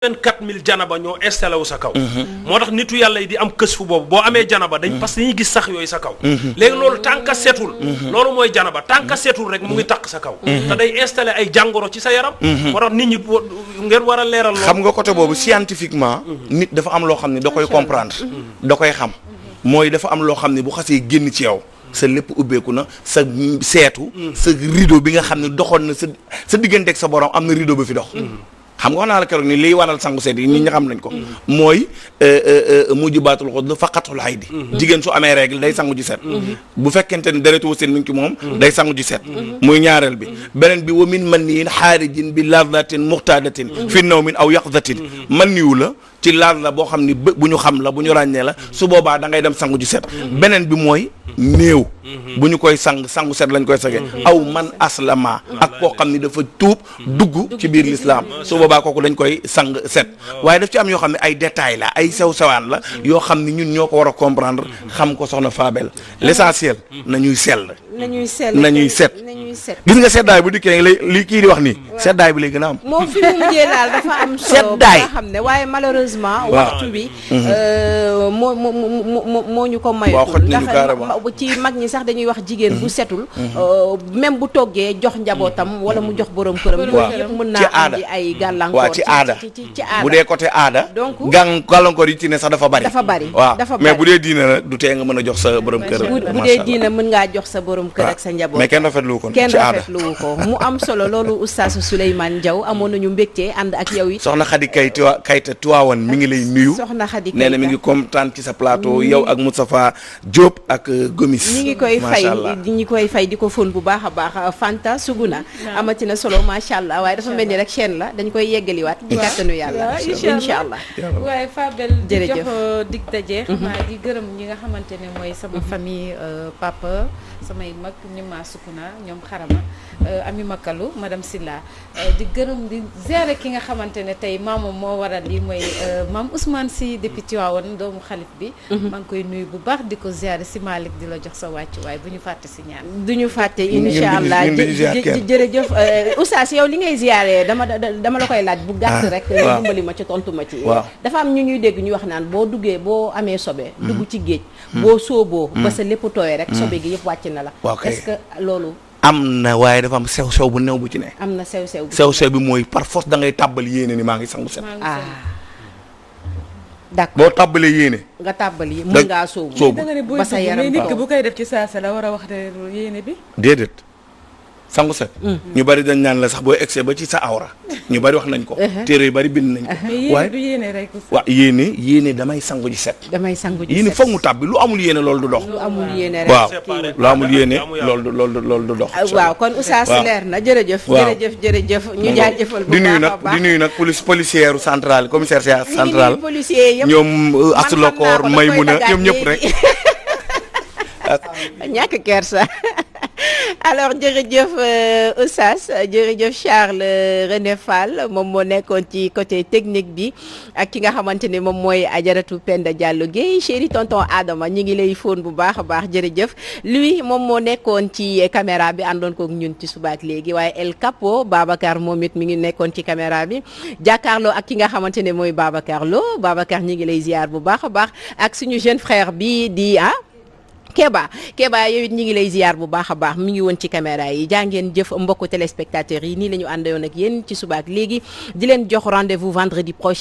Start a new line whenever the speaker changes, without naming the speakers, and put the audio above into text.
vingt-quatre mille janaba ñoo installé wu sa kaw mhm. moo tax nitu yàlla yi di am kës fu boobu boo amee ba dañ mhm. parce que dañuy gis sax yooyu sa kaw mhm. léegi loolu tànka seetul loolu mooy ba tànk seetul rek mu ngi takk sa kaw te day installé ay jàngoro ci sa yaram moo tax nit ñi ngeen war a leeral loolu xam nga côté boobu scientifiquement nit dafa am loo xam ne da koy comprendre da koy xam mooy dafa am loo xam ne bu xasee génn ci yow sa lépp ubbeeku na sa seetu sa rideau bi nga xam ne doxoon na sa sa diggante sa borom am na rideau fi dox xam nga wax naa la keroog ni liy waral sangu seet yi nit ñi xam nañ ko mooy euh, euh, euh, mujj baatul xuddu faqatul di jigéen su amee règle day sangu ji bu fekkente ni deretu wasin mi ngi ci moom day sangu ji seet muy ñaareel bi beneen bi wa min man niyin xaarijin bi lazatin muxtaadatin fi naw min aw yaqzatin man niyu la ci laal la boo xam ni bu ñu xam la bu ñu ràññee la su boobaa dangay dem sangu ju set beneen bi mooy néew bu ñu koy sang sangu set lañ koy sage aw man aslama ak koo xam ni dafa tuub dugg ci biir lislaam su boobaa kooku dañ koy sang set waaye daf ci am yoo xam ne ay détails la ay sew sewaan la yoo xam ni ñun ñoo ko war a comprendre xam ko soxna Fabel l'essentiel nañuy
na nañuy set dañuy set gis
nga seddaay bu dikkee lay li kii di wax nii seddaay bi lay gën a am
moom fi mu mujjee daal dafa am solo ba nga xam ne waaye malheureusement waxtu bi mhm. euh, moo moo moo ñu ko mayatul ndax ci mag ñi sax dañuy wax jigéen bu mhm. setul mhm. Euh, même bu toggee jox njabootam wala mu jox borom këram yooyu yëpp mën naa andi ay gàllankoor ci aada ci aada bu dee
côté aada donc gàn gàllankoor yi ci ne sax dafa bari dafa bari waaw mais bu dee diina du tee nga mën a jox sa borom kër bu dee diina
mën ngaa jox sa borom kër ak sa njaboot mais kenn
rafetlu ko kenn rafetlu
wu ko mu am solo loolu oustaz Souleymane Diaw amoon nañu mbégte ànd ak yow it. soxna
Khady Kayta Kayta Tiwaawan mi ngi lay nuyu.
soxna Khady Kayta nee na
mi ngi kontaan ci sa plateau yow ak Moustapha Diop ak euh, Gomis. ñi ngi koy fay ñi
ngi koy fay di ko fóon bu baax a baax Fanta Suguna. amati na solo macha allah waaye dafa mel ni rek chaîne la dañ koy yeggaliwaat. ci kàttanu yàlla incha allah. waaye Fabel di jox euh, dig daje. Mhm. maa ngi gërëm ñi nga xamante ne mooy sama mhm. famille euh, papa xarama euh, ami makalu madame Silla euh, di gërëm di ziare ki nga xamante ne tey maamam moo war waral lii mooy euh, maam Ousmane si depuis Tivaouane doomu xalif bi mhm. maa ngi koy nuyu bu baax di ko ziare si Malick di la jox sa wàcc waaye bu ñu fàtte si ñaan du ñu fàtte incha allah jërëjëf oustaz li ngay ziare dama da dama la koy laaj bu gàtt ah, rek li ma ci tontu ma ci dafa am ñu ñuy dégg ñu wax naan boo duggee boo amee sobe dugg mhm. ci géej mhm. boo sooboo ba sa lépp tooy rek sobe gi yëpp wàcc na la est-ce que loolu
am na waaye dafa am sew sew bu new bu ci ne.
am na sew sew bu sew
sew bi mooy par force da ngay tàbbal yéene ni maa ngi sangu set. ah boo tàbbalee yéene.
nga tàbbal yi mën ngaa soobu. soobu ba sa yaram mais koy def ci saa la war a wax ne yéene bi.
déedéet. sangu set mm. ñu bari dañ naan la sax boo egsee ba ci sa awra mm. ñu bari wax nañ ko uh-huh. téere yu bari bind nañ ko
waaye du yéene rek
waaw yéene yéene damay sangu ji set
damay sangu ji set yéene
foog mu tàbbi lu amul yéene loolu du dox lu
amul yéene rek waaw
lu amul yéene loolu du loolu loolu du dox ah, waaw
kon oustaz leer na jërëjëf jërëjëf jërëjëf ñu jaajëfal bu baax di nuyu nag di nuyu
nag police policière centrale commissaire central
ñoom euh, astulokoor may mun a ñoom ñëpp rek ñàkk kersa alors jërëjëf euh, Oustaz jërëjëf Charles euh, René Fall moom moo nekkoon ci côté technique bi ak ki nga xamante ne moom mooy ajaratu Penda Diallo Guèye chéri tonton Adama ñi ngi lay fóon bu baax a baax jërëjëf lui moom moo nekkoon ci caméra bi àndoon kook ñun ci subaak léegi waaye El Capo Babacar moom it mi ngi nekkoon ci caméra bi jàkkaarloo ak ki nga xamante ne mooy Babacar Lo Babacar ñi ngi lay ziar bu baax a baax ak suñu jeune frère bi di ah Keba Keba yow it ñu ngi lay ziyaar bu baax a baax mi ngi woon ci caméra yi jaa ngeen jëf mbokku téléspectateurs yi nii la ñu àndayoon ak yéen ci subaak léegi di leen jox rendez-vous vendredi prochain